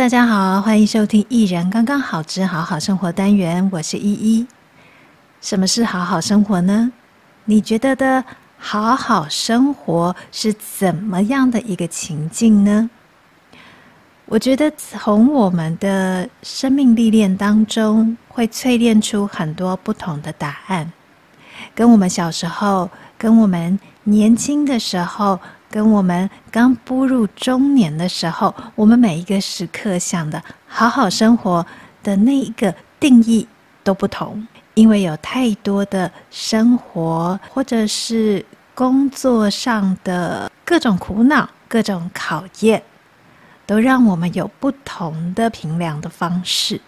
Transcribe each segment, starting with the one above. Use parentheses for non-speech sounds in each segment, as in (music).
大家好，歡迎收聽《一人剛剛好之好好生活》單元，我是依依。什麼是好好生活呢？你覺得的好好生活是怎麼樣的一個情境呢？我覺得從我們的生命歷練當中，會淬煉出很多不同的答案，跟我們小時候，跟我們年輕的時候。跟我們剛步入中年的時候，我們每一個時刻想的“好好生活”的那一個定義都不同，因為有太多的生活或者是工作上的各種苦惱、各種考驗，都讓我們有不同的評量的方式。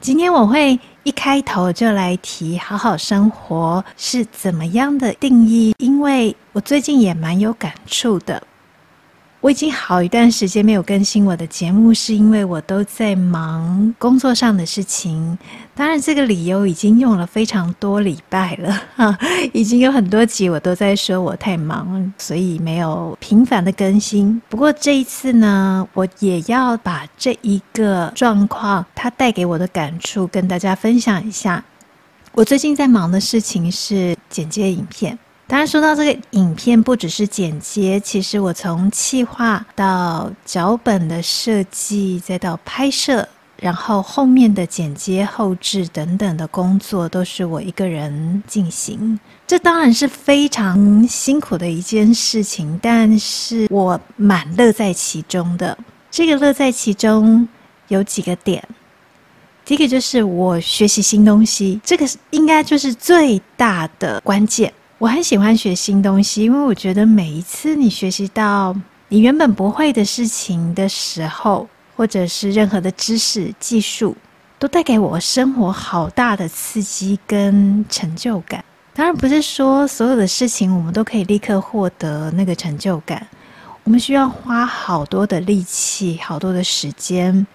今天我會一開頭就來提“好好生活”是怎麼樣的定義，因為，我最近也蠻有感觸的。我已經好一段時間沒有更新我的節目，是因為我都在忙工作上的事情。當然，這個理由已經用了非常多禮拜了，啊，已經有很多集我都在說我太忙，所以沒有頻繁的更新。不過這一次呢，我也要把這一個狀況它帶給我的感觸跟大家分享一下。我最近在忙的事情是剪接影片。當然，說到這個影片，不只是剪接，其實我從企劃到腳本的設計，再到拍攝，然後後面的剪接、後製等等的工作，都是我一個人進行。這當然是非常辛苦的一件事情，但是我蠻樂在其中的。這個樂在其中有幾個點，第一個就是我學習新東西，這個應該就是最大的關鍵。我很喜歡學新東西，因為我覺得每一次你學習到你原本不會的事情的時候，或者是任何的知識、技術，都帶給我生活好大的刺激跟成就感。當然，不是說所有的事情我們都可以立刻獲得那個成就感，我們需要花好多的力氣、好多的時間。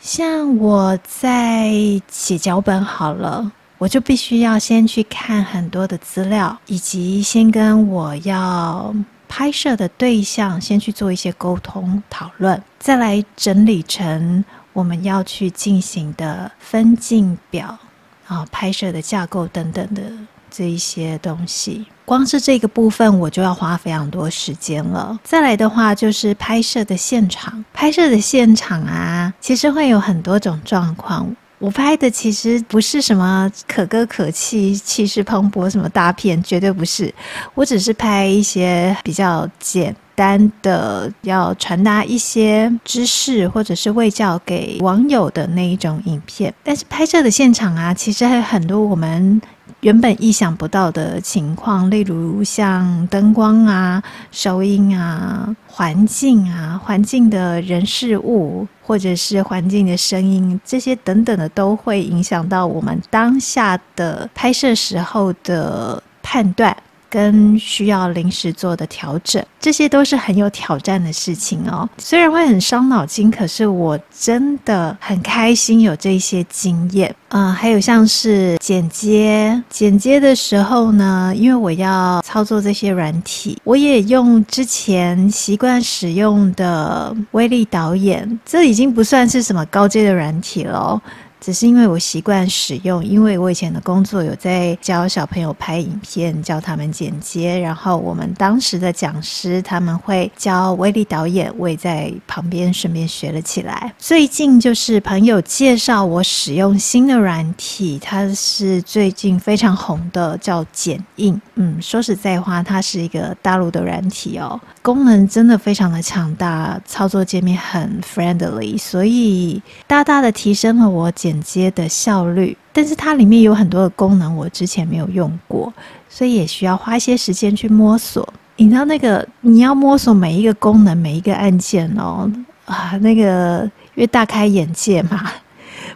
像我在寫腳本好了。我就必須要先去看很多的資料，以及先跟我要拍攝的對象先去做一些溝通討論，再來整理成我們要去進行的分鏡表啊、拍攝的架構等等的這一些東西。光是這個部分我就要花非常多時間了。再來的話就是拍攝的現場，拍攝的現場啊，其實會有很多種狀況。我拍的其實不是什麼可歌可泣、氣勢磅礴什麼大片，絕對不是。我只是拍一些比較簡單的，要傳達一些知識或者是衛教給網友的那一種影片。但是拍攝的現場啊，其實還有很多我們原本意想不到的情況，例如像燈光啊、收音啊、環境啊、環境的人事物，或者是環境的聲音，這些等等的都會影響到我們當下的拍攝時候的判斷。跟需要臨時做的調整，這些都是很有挑戰的事情哦。雖然會很傷腦筋，可是我真的很開心有這些經驗。嗯，還有像是剪接，剪接的時候呢，因為我要操作這些軟體，我也用之前習慣使用的威力導演，這已經不算是什麼高階的軟體了。只是因為我習慣使用，因為我以前的工作有在教小朋友拍影片，教他們剪接。然後我們當時的講師他們會教威力導演，我也在旁邊順便學了起來。最近就是朋友介紹我使用新的軟體，它是最近非常紅的，叫剪映。嗯，說實在話，它是一個大陸的軟體哦，功能真的非常的強大，操作界面很 friendly，所以大大的提升了我剪。連接的效率，但是它裡面有很多的功能，我之前沒有用過，所以也需要花一些時間去摸索。你知道那個，你要摸索每一個功能，每一個按鍵哦、喔，啊，那個因為大開眼界嘛，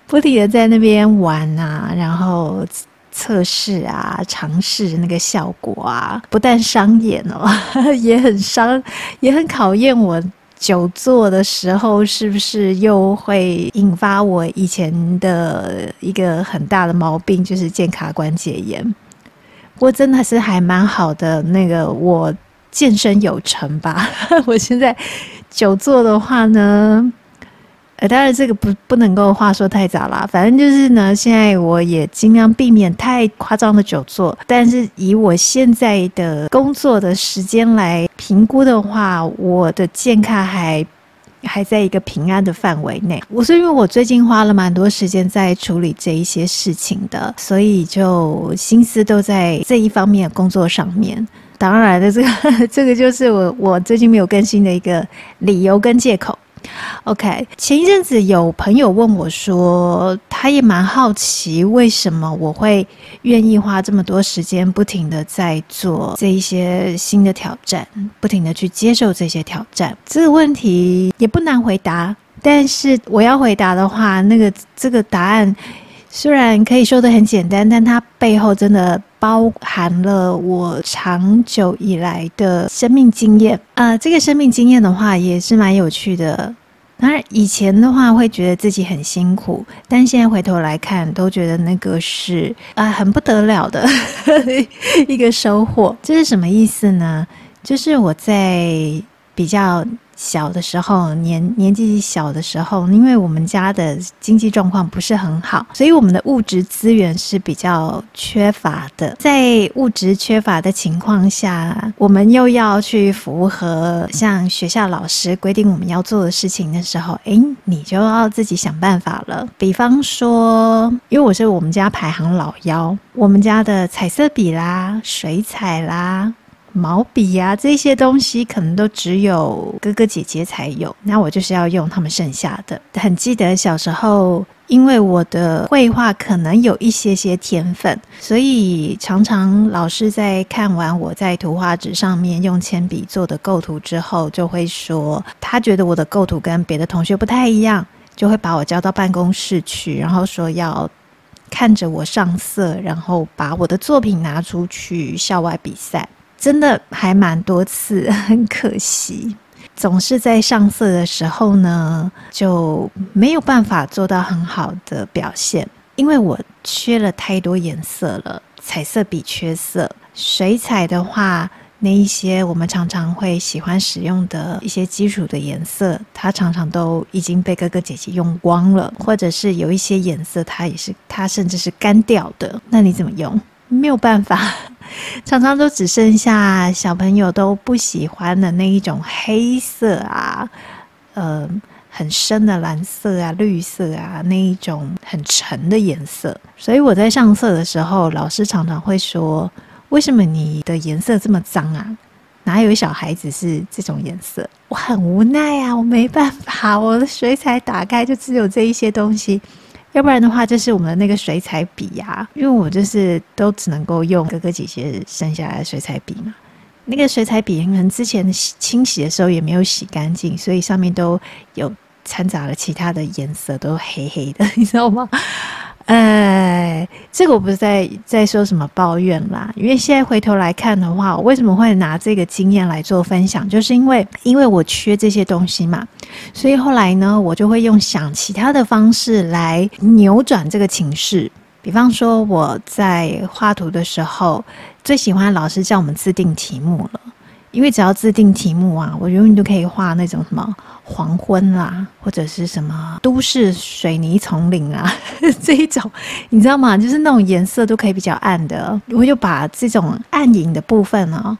不停的在那邊玩啊，然後測試啊，嘗試那個效果啊，不但傷眼哦、喔，也很傷，也很考驗我。久坐的時候，是不是又會引發我以前的一個很大的毛病，就是肩胛關節炎？不過真的是還蠻好的，那個我健身有成吧。 (laughs) 我現在久坐的話呢。當然這個不不能夠話說太早了，反正就是呢，現在我也盡量避免太誇張的久坐。但是以我現在的工作的時間來評估的話，我的健康還還在一個平安的範圍內。我是因為我最近花了蠻多時間在處理這一些事情的，所以就心思都在這一方面的工作上面。當然了，這個呵呵這個就是我我最近沒有更新的一個理由跟借口。OK，前一陣子有朋友問我說，說他也蠻好奇，為什麼我會願意花這麼多時間，不停地在做這一些新的挑戰，不停地去接受這些挑戰。這個問題也不難回答，但是我要回答的話，那個這個答案雖然可以說得很簡單，但它背後真的。包含了我長久以來的生命經驗，呃，這個生命經驗的話也是蠻有趣的。當然以前的話會覺得自己很辛苦，但現在回頭來看，都覺得那個是啊、呃、很不得了的 (laughs) 一個收穫。這是什麼意思呢？就是我在比較。小的時候，年年紀小的時候，因為我們家的經濟狀況不是很好，所以我們的物質資源是比較缺乏的。在物質缺乏的情況下，我們又要去符合像學校老師規定我們要做的事情的時候，誒，你就要自己想辦法了。比方說，因為我是我們家排行老幺，我們家的彩色筆啦、水彩啦。毛筆呀、啊，這些東西可能都只有哥哥姐姐才有。那我就是要用他們剩下的。很記得小時候，因為我的繪畫可能有一些些天分，所以常常老師在看完我在圖畫紙上面用鉛筆做的構圖之後，就會說他覺得我的構圖跟別的同學不太一樣，就會把我叫到辦公室去，然後說要看着我上色，然後把我的作品拿出去校外比賽。真的還蠻多次，很可惜，總是在上色的時候呢，就沒有辦法做到很好的表現，因為我缺了太多顏色了。彩色筆缺色，水彩的話，那一些我們常常會喜歡使用的一些基礎的顏色，它常常都已經被哥哥姐姐用光了，或者是有一些顏色它也是，它甚至是乾掉的，那你怎麼用？沒有辦法，常常都只剩下小朋友都不喜歡的那一種黑色啊，呃，很深的藍色啊、綠色啊，那一種很沉的顏色。所以我在上色的時候，老師常常會說：“為什麼你的顏色這麼髒啊？哪有小孩子是這種顏色？”我很無奈啊，我沒辦法，我的水彩打開就只有這一些東西。要不然的話，就是我們的那個水彩筆呀、啊，因為我就是都只能夠用哥哥姐姐剩下來的水彩筆嘛。那個水彩筆很之前清洗的時候也沒有洗乾淨，所以上面都有摻雜了其他的顏色，都黑黑的，你知道嗎？呃，這個我不是在在說什麼抱怨啦，因為現在回頭來看的話，我為什麼會拿這個經驗來做分享，就是因為因為我缺這些東西嘛，所以後來呢，我就會用想其他的方式來扭轉這個情勢，比方說我在畫圖的時候，最喜歡老師叫我們自定題目了。因為只要制定題目啊，我永遠都可以畫那種什麼黃昏啦，或者是什麼都市水泥叢林啊這一種，你知道嗎？就是那種顏色都可以比較暗的，我就把這種暗影的部分呢、哦，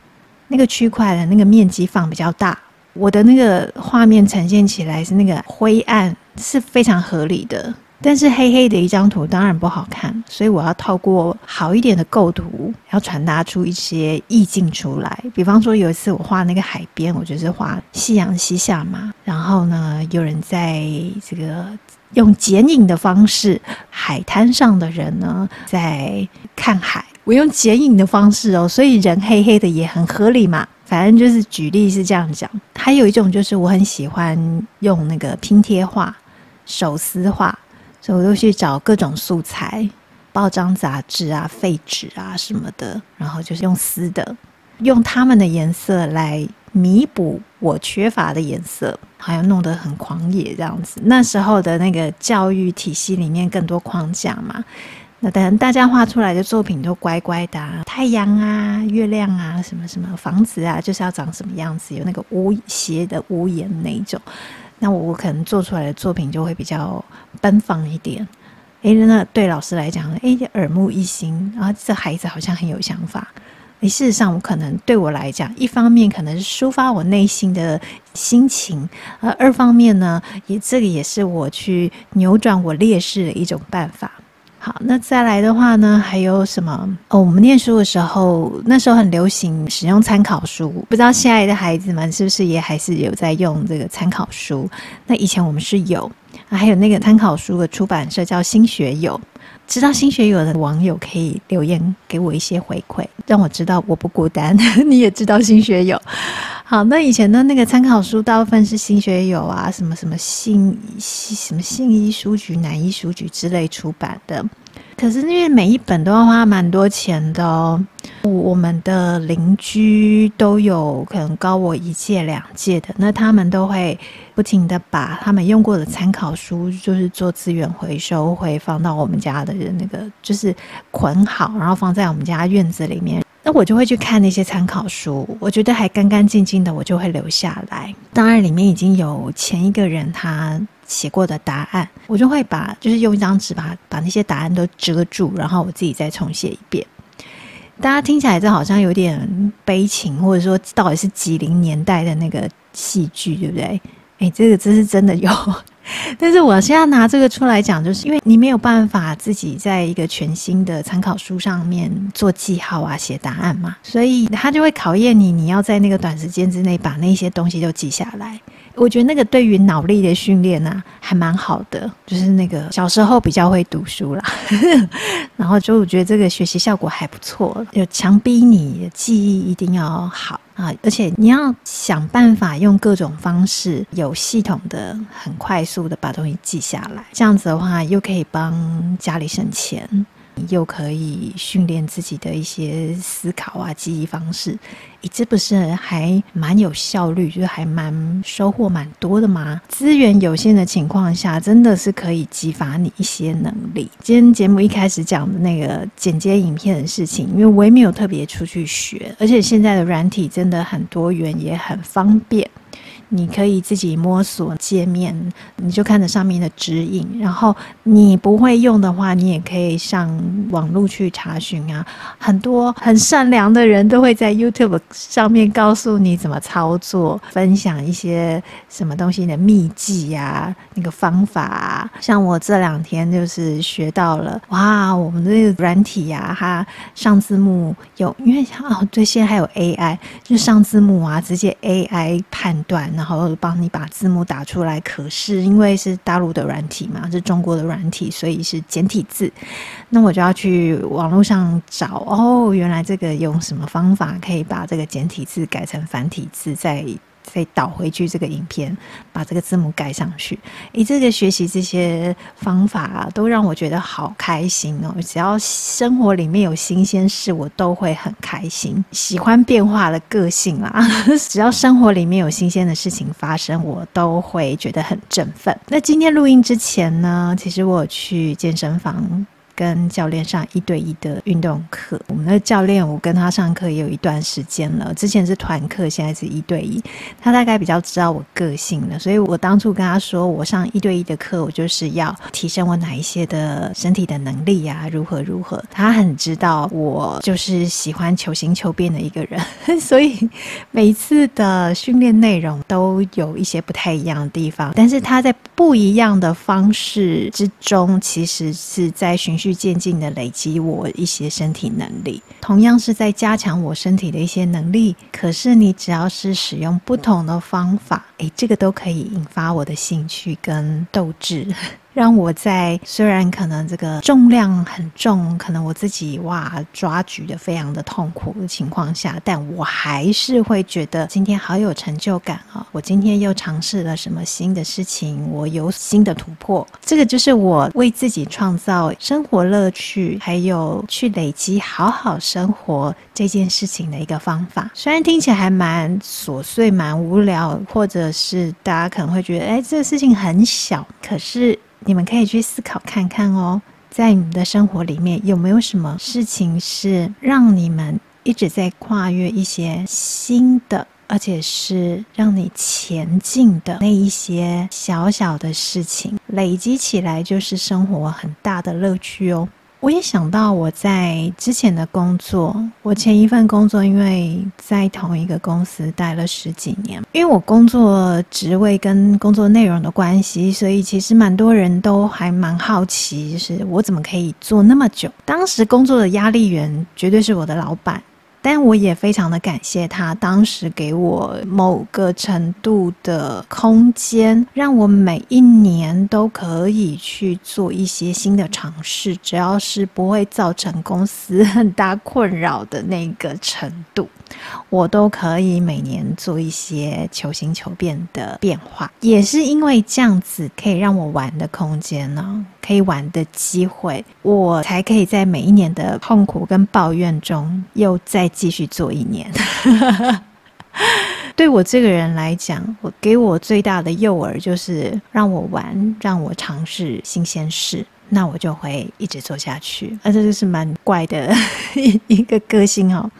那個區塊的那個面積放比較大，我的那個畫面呈現起來是那個灰暗，是非常合理的。但是黑黑的一張圖當然不好看，所以我要透過好一點的構圖，要傳達出一些意境出來。比方說有一次我畫那個海邊，我就是畫夕陽西下嘛。然後呢，有人在這個用剪影的方式，海灘上的人呢在看海。我用剪影的方式哦，所以人黑黑的也很合理嘛。反正就是舉例是這樣講。還有一種就是我很喜歡用那個拼貼畫、手撕畫。所以，我都去找各種素材，報章、雜誌啊、廢紙啊什麼的，然後就是用撕的，用他們的顏色來彌補我缺乏的顏色，還要弄得很狂野這樣子。那時候的那個教育體系裡面更多框架嘛，那當然大家畫出來的作品都乖乖的啊，太陽啊、月亮啊、什麼什麼房子啊，就是要長什麼樣子，有那個屋斜的屋檐那種。那我可能做出來的作品就會比較。奔放一點，哎、欸，那對老師來講，哎、欸，耳目一新。啊，這孩子好像很有想法，哎，事實上，我可能對我來講，一方面可能是抒發我內心的心情，呃，二方面呢，也這個也是我去扭轉我劣勢的一種辦法。好，那再來的話呢？還有什麼？哦，我們念書的時候，那時候很流行使用參考書，不知道現在的孩子們是不是也還是有在用這個參考書？那以前我們是有，還有那個參考書的出版社叫新學友，知道新學友的網友可以留言給我一些回饋，讓我知道我不孤單。你也知道新學友。好，那以前的那個參考書大部分是新學友啊，什麼什麼信，什麼信一書局、南一書局之類出版的。可是因為每一本都要花蠻多錢的哦。我，我們的鄰居都有可能高我一屆、兩屆的，那他們都會不停的把他們用過的參考書，就是做資源回收，會放到我們家的人那個，就是捆好，然後放在我們家院子裡面。那我就會去看那些參考書，我覺得還乾乾淨淨的，我就會留下來。當然裡面已經有前一個人他寫過的答案，我就會把就是用一張紙把把那些答案都遮住，然後我自己再重寫一遍。大家聽起來這好像有點悲情，或者說到底是幾零年代的那個戲劇，對不對？誒、哎，這個真是真的有。但是我現在拿這個出來講，就是因為你沒有辦法自己在一個全新的參考書上面做記號啊、寫答案嘛，所以他就會考驗你，你要在那個短時間之內把那些東西都記下來。我覺得那個對於腦力的訓練啊，還蠻好的，就是那個小時候比較會讀書啦， (laughs) 然後就我覺得這個學習效果還不錯，有強逼你記憶一定要好。啊！而且你要想辦法用各種方式，有系統的、很快速的把東西記下來。這樣子的話，又可以幫家裡省錢。又可以訓練自己的一些思考啊、記憶方式，你這不是還蠻有效率，就是還蠻收穫蠻多的嗎？資源有限的情況下，真的是可以激發你一些能力。今天節目一開始講的那個剪接影片的事情，因為我也沒有特別出去學，而且現在的軟體真的很多元，也很方便。你可以自己摸索界面，你就看着上面的指引。然後你不會用的話，你也可以上網絡去查詢啊。很多很善良的人都會在 YouTube 上面告訴你怎麼操作，分享一些什麼東西的祕籍啊，那個方法啊。像我這兩天就是學到了，哇，我們的軟體啊，它上字幕有，因為像哦，對，現在還有 AI，就上字幕啊，直接 AI。判斷，然後幫你把字幕打出來。可是因為是大陸的軟體嘛，是中國的軟體，所以是簡體字。那我就要去網絡上找哦，原來這個用什麼方法可以把這個簡體字改成繁體字？再。可以倒回去這個影片，把這個字幕蓋上去。以這個學習這些方法啊，都讓我覺得好開心哦！只要生活裡面有新鮮事，我都會很開心。喜歡變化的個性啦，只要生活裡面有新鮮的事情發生，我都會覺得很振奮。那今天錄音之前呢，其實我去健身房。跟教練上一對一的運動課，我們的教練我跟他上課也有一段時間了。之前是團課，現在是一對一。他大概比較知道我個性了，所以我當初跟他說，我上一對一的課，我就是要提升我哪一些的身體的能力啊，如何如何。他很知道我就是喜歡求新求變的一個人，所以每一次的訓練內容都有一些不太一樣的地方。但是他在不一樣的方式之中，其實是在循序。漸進的累積我一些身體能力，同樣是在加強我身體的一些能力。可是你只要是使用不同的方法，哎、欸，這個都可以引發我的興趣跟鬥志。讓我在雖然可能這個重量很重，可能我自己哇抓舉的非常的痛苦的情況下，但我還是會覺得今天好有成就感啊、哦！我今天又嘗試了什麼新的事情，我有新的突破。這個就是我為自己創造生活樂趣，還有去累積好好生活這件事情的一個方法。雖然聽起來還蠻瑣碎、蠻無聊，或者是大家可能會覺得哎，這個事情很小，可是。你們可以去思考看看哦，在你們的生活裡面，有沒有什麼事情是讓你們一直在跨越一些新的，而且是讓你前進的那一些小小的事情，累積起來就是生活很大的樂趣哦。我也想到我在之前的工作，我前一份工作，因為在同一個公司待了十幾年，因為我工作職位跟工作內容的關係，所以其實蠻多人都還蠻好奇，就是我怎麼可以做那麼久。當時工作的壓力源絕對是我的老闆。但我也非常的感謝他，當時給我某個程度的空間，讓我每一年都可以去做一些新的嘗試，只要是不會造成公司很大困擾的那個程度，我都可以每年做一些求新求變的變化。也是因為這樣子，可以讓我玩的空間呢、啊。可以玩的機會，我才可以在每一年的痛苦跟抱怨中，又再繼續做一年。 (laughs) 對我這個人來講，我給我最大的誘餌就是讓我玩，讓我嘗試新鮮事。那我就會一直做下去，那、啊、這就是蠻怪的一個個性哦。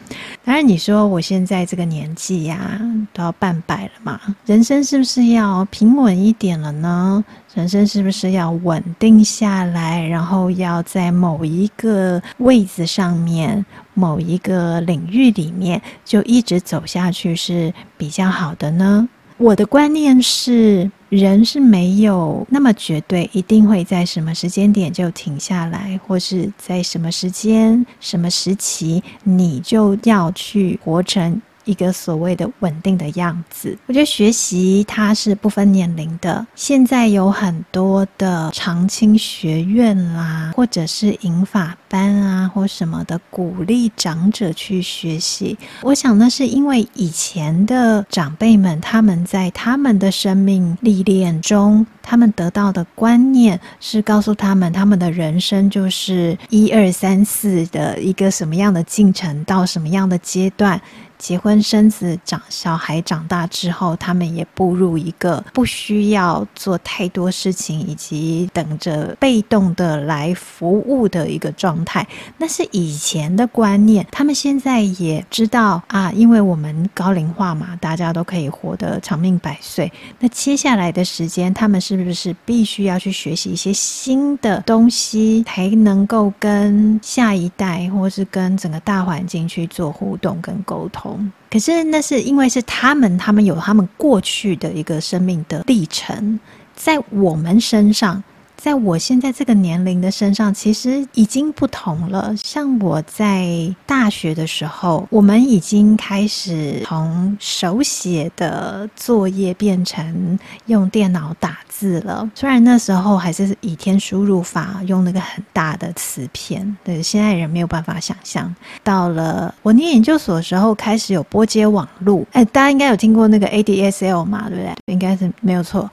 當然，你說我現在這個年紀呀、啊，都要半百了嘛，人生是不是要平穩一點了呢？人生是不是要穩定下來，然後要在某一個位置上面、某一個領域裡面就一直走下去是比較好的呢？我的觀念是，人是沒有那麼絕對，一定會在什麼時間點就停下來，或是在什麼時間、什麼時期，你就要去活成。一個所謂的穩定的樣子，我覺得學習它是不分年齡的。現在有很多的常青學院啦、啊，或者是銀髮班啊，或什麼的，鼓勵長者去學習。我想那是因為以前的長輩們，他們在他們的生命歷練中，他們得到的觀念是告訴他們，他們的人生就是一二三四的一個什麼樣的進程，到什麼樣的階段。結婚、生子、長小孩長大之後，他們也步入一個不需要做太多事情，以及等着被動的來服務的一個狀態。那是以前的觀念，他們現在也知道啊，因為我們高齡化嘛，大家都可以活得長命百歲。那接下來的時間，他們是不是必須要去學習一些新的東西，才能夠跟下一代，或是跟整個大環境去做互動跟溝通？可是，那是因為是他們，他們有他們過去的一個生命的歷程，在我們身上。在我現在這個年齡的身上，其實已經不同了。像我在大學的時候，我們已經開始從手寫的作業變成用電腦打字了。雖然那時候還是倚天輸入法，用那個很大的磁片，對，現在人沒有辦法想象。到了我念研究所的時候，開始有撥接網路。哎，大家應該有聽過那個 ADSL 嘛，對不對，對？應該是沒有錯，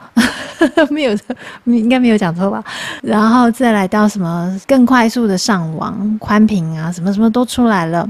(laughs) 沒有錯，應該沒有講錯吧？然後再來到什麼更快速的上網、寬頻啊，什麼什麼都出來了。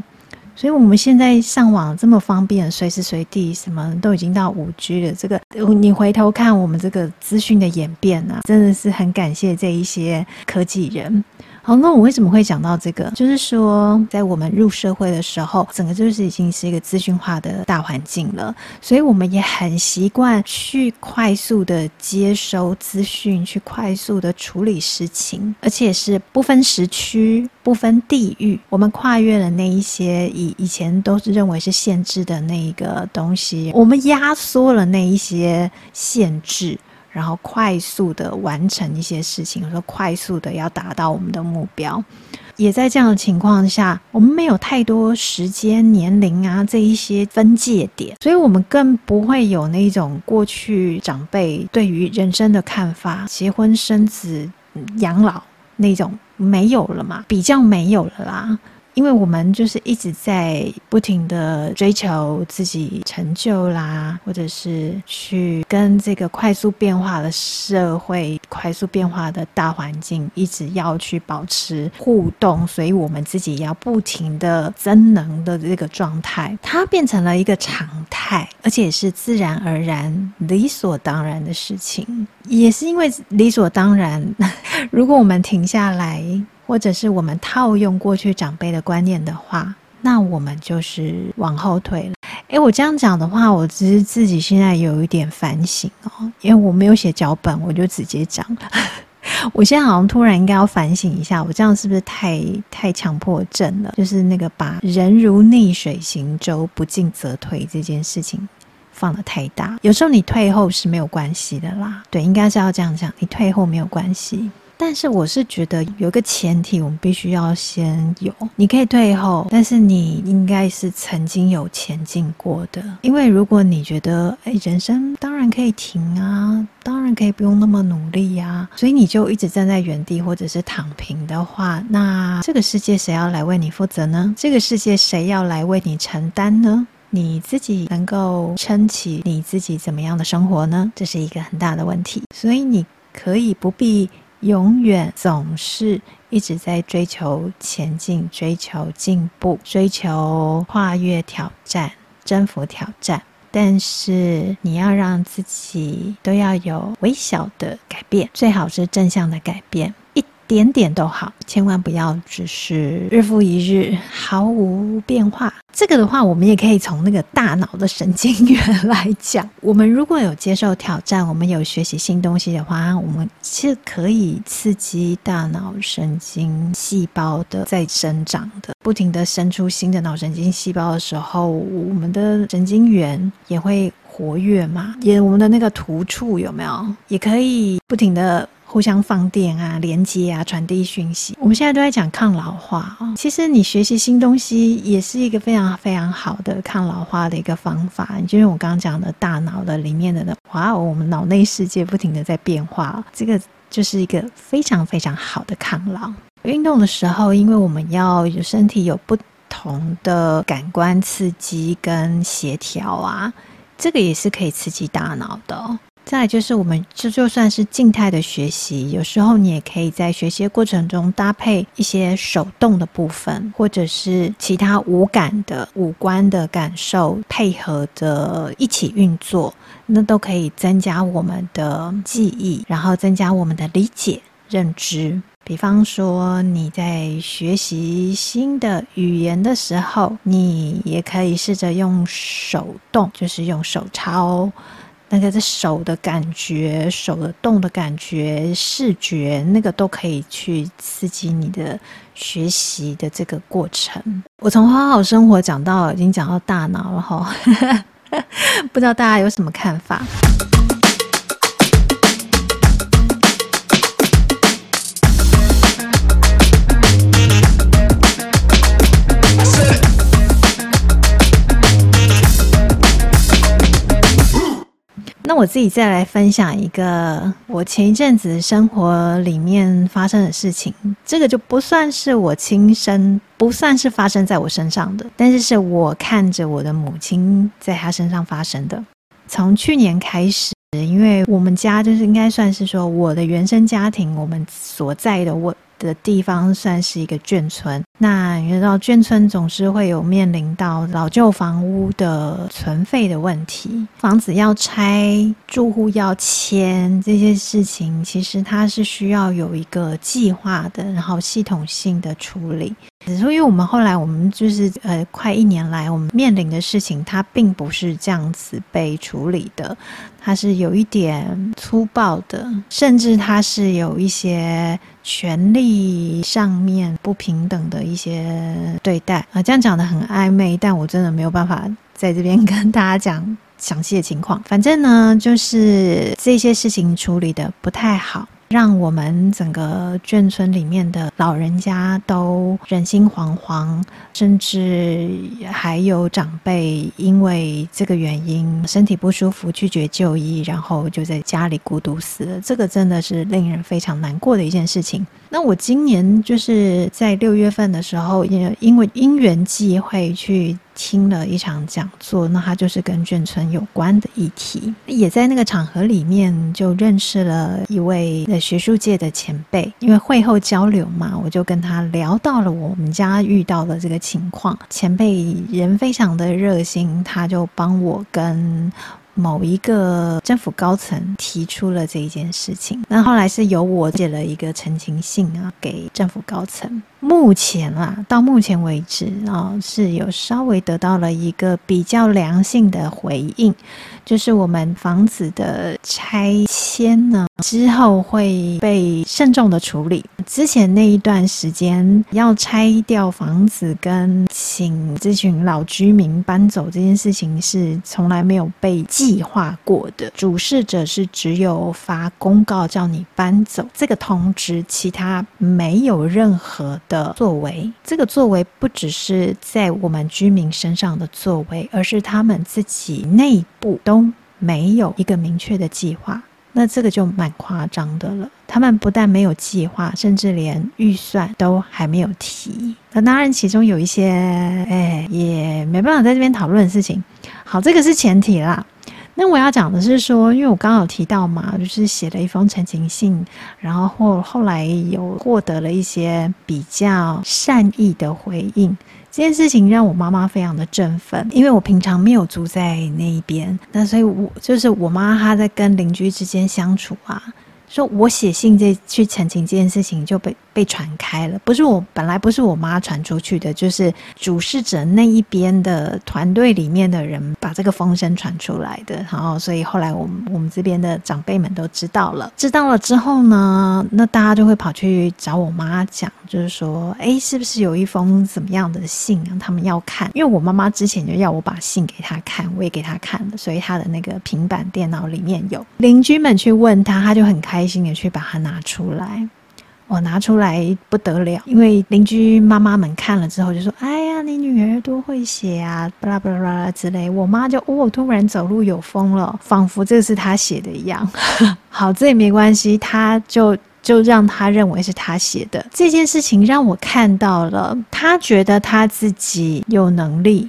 所以，我們現在上網這麼方便，隨時隨地，什麼都已經到五 G 了。這個你回頭看我們這個資訊的演變啊，真的是很感謝這一些科技人。哦，oh, 那我為什麼會講到這個？就是說，在我們入社會的時候，整個就是已經是一個資訊化的大環境了，所以我們也很習慣去快速的接收資訊，去快速的處理事情，而且是不分時區、不分地域。我們跨越了那一些以以前都是認為是限制的那一個東西，我們壓縮了那一些限制。然後快速的完成一些事情，說快速的要達到我們的目標，也在這樣的情況下，我們沒有太多時間、年齡啊這一些分界點，所以我們更不會有那種過去長輩對於人生的看法，結婚生子、養老那種沒有了嘛，比較沒有了啦。因為我們就是一直在不停地追求自己成就啦，或者是去跟這個快速變化的社會、快速變化的大環境一直要去保持互動，所以我們自己也要不停地增能的這個狀態，它變成了一個常態，而且是自然而然、理所當然的事情。也是因為理所當然，如果我們停下來，或者是我們套用過去長輩的觀念的話，那我們就是往後退了。誒，我這樣講的話，我只是自己現在有一點反省哦，因為我沒有寫腳本，我就直接講了。 (laughs) 我現在好像突然應該要反省一下，我這樣是不是太太強迫症了？就是那個“把人如逆水行舟，不進則退”這件事情放得太大。有時候你退後是沒有關係的啦。對，應該是要這樣講，你退後沒有關係。但是我是覺得有個前提，我們必須要先有。你可以退後，但是你應該是曾經有前進過的。因為如果你覺得，誒、哎，人生當然可以停啊，當然可以不用那麼努力呀，、啊，所以你就一直站在原地或者是躺平的話，那這個世界誰要來為你負責呢？這個世界誰要來為你承擔呢？你自己能夠撐起你自己怎麼樣的生活呢？這是一個很大的問題。所以你可以不必。永遠總是一直在追求前進，追求進步，追求跨越挑戰、征服挑戰。但是你要讓自己都要有微小的改變，最好是正向的改變。點點都好，千萬不要只是日復一日毫無變化。這個的話，我們也可以從那個大腦的神經元來講。我們如果有接受挑戰，我們有學習新東西的話，我們是可以刺激大腦神經細胞的再生長的。不停的生出新的腦神經細胞的時候，我們的神經元也會活躍嘛，也我們的那個突觸有沒有？也可以不停的。互相放電啊，連接啊，傳遞訊息。我們現在都在講抗老化啊哦，其實你學習新東西也是一個非常非常好的抗老化的一個方法。就是我剛剛講的，大腦的裡面的呢，哇哦，我們腦內世界不停的在變化哦，這個就是一個非常非常好的抗老。運動的時候，因為我們要有身體有不同的感官刺激跟協調啊，這個也是可以刺激大腦的哦。再來就是，我們這就算是靜態的學習。有時候你也可以在學習過程中搭配一些手動的部分，或者是其他五感的、五官的感受配合著一起運作，那都可以增加我們的記憶，然後增加我們的理解、認知。比方說，你在學習新的語言的時候，你也可以試着用手動，就是用手抄。那個的手的感覺，手的動的感覺，視覺，那個都可以去刺激你的學習的這個過程。我從好好生活講到，已經講到大腦了，哈， (laughs) 不知道大家有什麼看法。我自己再來分享一個我前一陣子生活裡面發生的事情，這個就不算是我親身，不算是發生在我身上的，但是是我看着我的母親在她身上發生的。從去年開始，因為我們家就是應該算是說我的原生家庭，我們所在的我，的地方算是一個眷村。那你知道眷村總是會有面臨到老舊房屋的存廢的問題，房子要拆，住戶要遷，這些事情其實它是需要有一個計劃的，然後系統性的處理。只是因為我們後來，我們就是呃，快一年來，我們面臨的事情，它並不是這樣子被處理的，它是有一點粗暴的，甚至它是有一些權力上面不平等的一些對待啊、呃。這樣講的很曖昧，但我真的沒有辦法在這邊跟大家講詳細的情況。反正呢，就是這些事情處理的不太好。讓我們整個眷村裡面的老人家都人心惶惶，甚至還有長輩因為這個原因身體不舒服，拒絕就醫，然後就在家裡孤獨死了。這個真的是令人非常難過的一件事情。那我今年就是在六月份的時候，也因為因緣際會去。聽了一場講座，那他就是跟眷村有關的議題，也在那個場合裡面就認識了一位的學術界的前輩，因為會後交流嘛，我就跟他聊到了我們家遇到的這個情況，前輩人非常的熱心，他就幫我跟。某一個政府高層提出了這一件事情，那後來是由我寫了一個陳情信啊，給政府高層。目前啊，到目前為止啊，是有稍微得到了一個比較良性的回應，就是我們房子的拆遷呢。之後會被慎重的處理。之前那一段時間要拆掉房子跟請這群老居民搬走這件事情是從來沒有被計劃過的。主事者是只有發公告叫你搬走這個通知，其他沒有任何的作為。這個作為不只是在我們居民身上的作為，而是他們自己內部都沒有一個明確的計劃。那這個就蠻誇張的了。他們不但沒有計劃，甚至連預算都還沒有提。那當然，其中有一些，哎，也沒辦法在這邊討論的事情。好，這個是前提啦。那我要講的是說，因為我剛好提到嘛，就是寫了一封陳情信，然後後後來有獲得了一些比較善意的回應。這件事情讓我媽媽非常的振奮，因為我平常沒有住在那一邊，那所以我，我就是我媽她在跟鄰居之間相處啊，說我寫信這去澄清這件事情就被。被傳開了，不是我本來不是我媽傳出去的，就是主事者那一邊的團隊裡面的人把這個風聲傳出來的。然後，所以後來我們我們這邊的長輩們都知道了。知道了之後呢，那大家就會跑去找我媽講，就是說，欸，是不是有一封怎麼樣的信啊？他們要看，因為我媽媽之前就要我把信給她看，我也給她看了，所以她的那個平板電腦裡面有。鄰居們去問她，她就很開心的去把它拿出來。我、哦、拿出來不得了，因為鄰居媽媽們看了之後就說：“哎呀，你女兒多會寫啊，巴拉巴拉巴拉之類。”我媽就哦，突然走路有風了，仿佛這是她寫的一樣。 (laughs) 好，這也沒關係，她就就讓她認為是她寫的。這件事情讓我看到了，她覺得她自己有能力。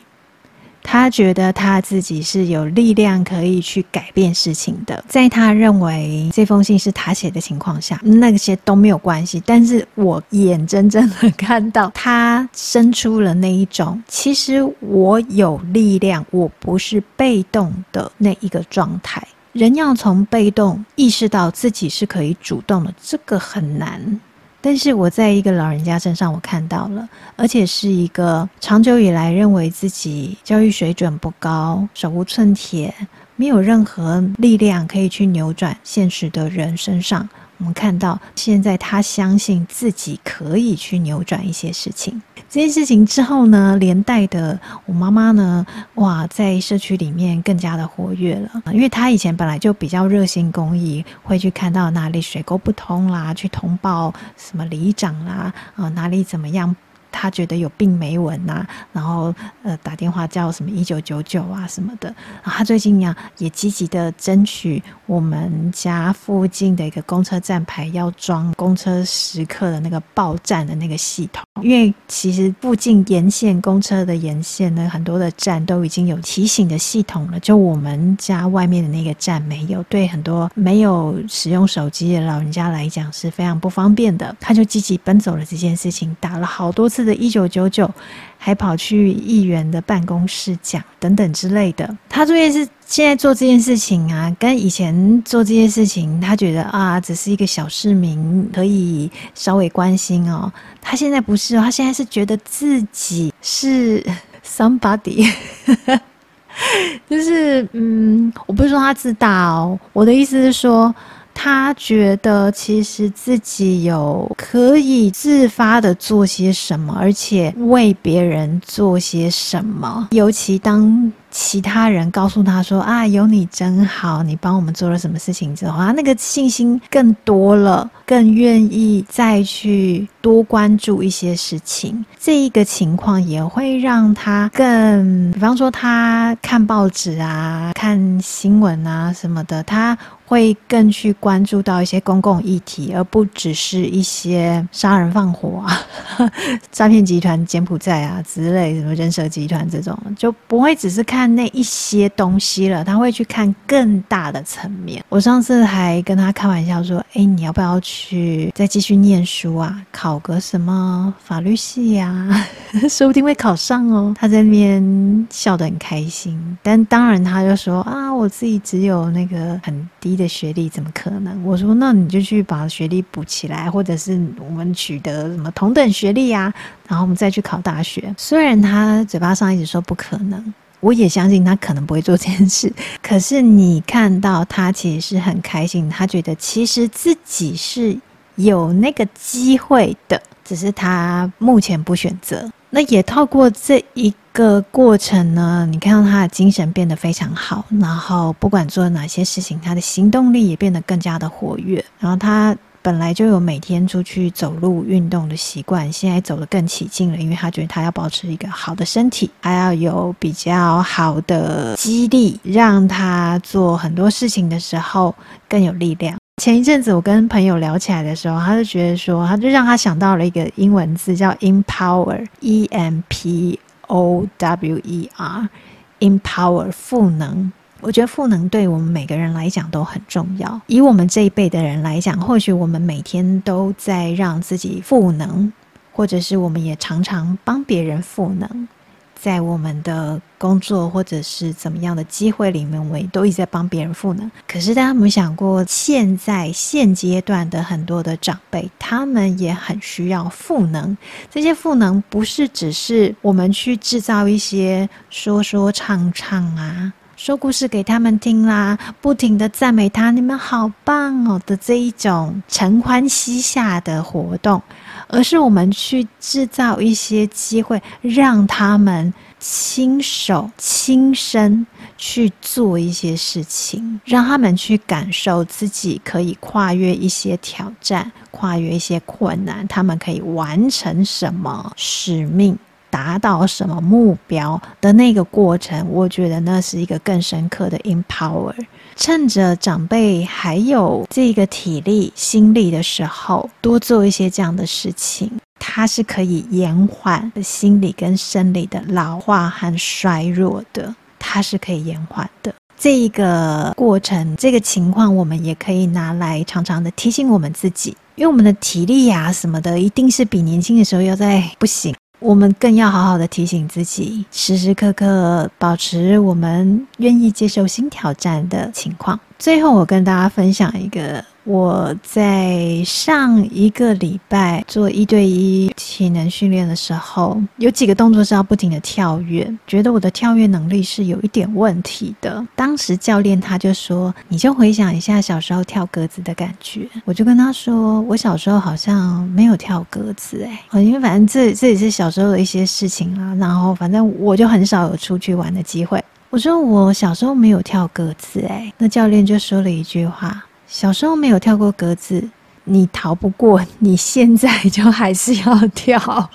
他覺得他自己是有力量可以去改變事情的，在他認為這封信是他寫的情況下，那些都沒有關係。但是我眼睜睜的看到他生出了那一種，其實我有力量，我不是被動的那一個狀態。人要從被動意識到自己是可以主動的，這個很難。但是我在一個老人家身上，我看到了，而且是一個長久以來認為自己教育水準不高、手無寸鐵、沒有任何力量可以去扭轉現實的人身上。我們看到，現在他相信自己可以去扭轉一些事情。這件事情之後呢，連帶的，我媽媽呢，哇，在社區裡面更加的活躍了，嗯、因為她以前本來就比較熱心公益，會去看到哪裡水溝不通啦，去通報什麼里長啦，啊、呃，哪裡怎麼樣。他覺得有病沒聞吶、啊，然後呃打電話叫什麼一九九九啊什麼的。然後他最近呀也積極的爭取我們家附近的一個公車站牌要裝公車時刻的那個報站的那個系統，因為其實附近沿線公車的沿線呢，很多的站都已經有提醒的系統了，就我們家外面的那個站沒有。對很多沒有使用手機的老人家來講是非常不方便的。他就積極奔走了這件事情，打了好多次。的一九九九，還跑去議員的辦公室講等等之類的。他最近是現在做這件事情啊，跟以前做這件事情，他覺得啊，只是一個小市民可以稍微關心哦。他現在不是，他現在是覺得自己是 somebody， (laughs) 就是嗯，我不是說他自大哦，我的意思是說。他覺得其實自己有可以自發的做些什麼，而且為別人做些什麼。尤其當其他人告訴他說：“啊，有你真好，你幫我們做了什麼事情”之後他那個信心更多了，更願意再去多關注一些事情。這一個情況也會讓他更，比方說他看報紙啊、看新聞啊什麼的，他。會更去關注到一些公共議題，而不只是一些殺人放火、啊、詐騙集團、柬埔寨啊之類什麼人蛇集團這種，就不會只是看那一些東西了。他會去看更大的層面。我上次還跟他開玩笑說：“哎、欸，你要不要去再繼續念書啊？考個什麼法律系啊？說不定會考上哦。”他在那邊笑得很開心，但當然他就說：“啊，我自己只有那個很。”低的學歷怎麼可能？我說，那你就去把學歷補起來，或者是我們取得什麼同等學歷啊，然後我們再去考大學。雖然他嘴巴上一直說不可能，我也相信他可能不會做這件事。可是你看到他其實是很開心，他覺得其實自己是有那個機會的，只是他目前不選擇。那也透過這一個。個過程呢，你看到他的精神變得非常好，然後不管做哪些事情，他的行動力也變得更加的活躍。然後他本來就有每天出去走路運動的習慣，現在走得更起勁了，因為他覺得他要保持一個好的身體，還要有比較好的激勵，讓他做很多事情的時候更有力量。前一陣子我跟朋友聊起來的時候，他就覺得說，他就讓他想到了一個英文字叫 “Empower”，E M P O W E R empower 賦能，我覺得賦能對我們每個人來講都很重要。以我們這一輩的人來講，或許我們每天都在讓自己賦能，或者是我們也常常幫別人賦能。在我們的工作或者是怎麼樣的機會裡面，我也都一直在幫別人賦能。可是大家有沒有想過，現在現階段的很多的長輩，他們也很需要賦能。這些賦能不是只是我們去制造一些說說唱唱啊，說故事給他們聽啦，不停地讚美他，你們好棒哦的這一種承歡膝下的活動。而是我們去制造一些機會，讓他們親手親身去做一些事情，讓他們去感受自己可以跨越一些挑戰，跨越一些困難，他們可以完成什麼使命，達到什麼目標的那個過程。我覺得那是一個更深刻的 empower。趁着長輩還有這個體力、心力的時候，多做一些這樣的事情，它是可以延緩心理跟生理的老化和衰弱的，它是可以延緩的。這個過程，這個情況我們也可以拿來常常的提醒我們自己，因為我們的體力啊什麼的，一定是比年輕的時候要再不行。我們更要好好的提醒自己，時時刻刻保持我們願意接受新挑戰的情況。最後我跟大家分享一個。我在上一個禮拜做一對一體能訓練的時候，有幾個動作是要不停的跳躍，覺得我的跳躍能力是有一點問題的。當時教練他就說：“你就回想一下小時候跳格子的感覺。”我就跟他說：“我小時候好像沒有跳格子、欸，哎、哦，因為反正這裡這也是小時候的一些事情了、啊，然後反正我就很少有出去玩的機會。我說我小時候沒有跳格子、欸，哎，那教練就說了一句話。”小時候沒有跳過格子，你逃不過。你現在就還是要跳，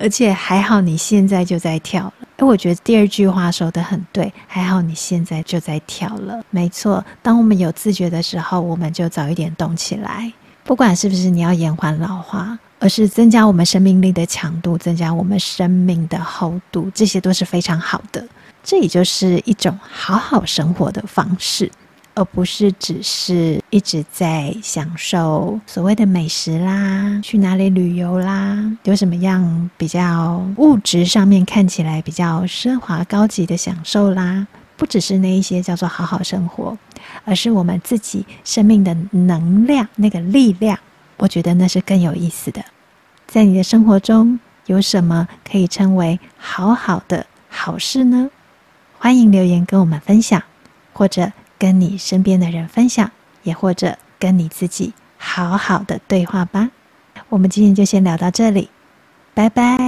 而且還好，你現在就在跳了。哎、欸，我覺得第二句話說得很對，還好你現在就在跳了。沒錯，當我們有自覺的時候，我們就早一點動起來。不管是不是你要延緩老化，而是增加我們生命力的強度，增加我們生命的厚度，這些都是非常好的。這也就是一種好好生活的方式。而不是只是一直在享受所謂的美食啦，去哪裡旅遊啦，有什麼樣比較物質上面看起來比較奢華高級的享受啦。不只是那一些叫做好好生活，而是我們自己生命的能量，那個力量，我覺得那是更有意思的。在你的生活中有什麼可以稱為好好的好事呢？歡迎留言跟我們分享，或者。跟你身邊的人分享，也或者跟你自己好好的對話吧。我們今天就先聊到這裡，拜拜。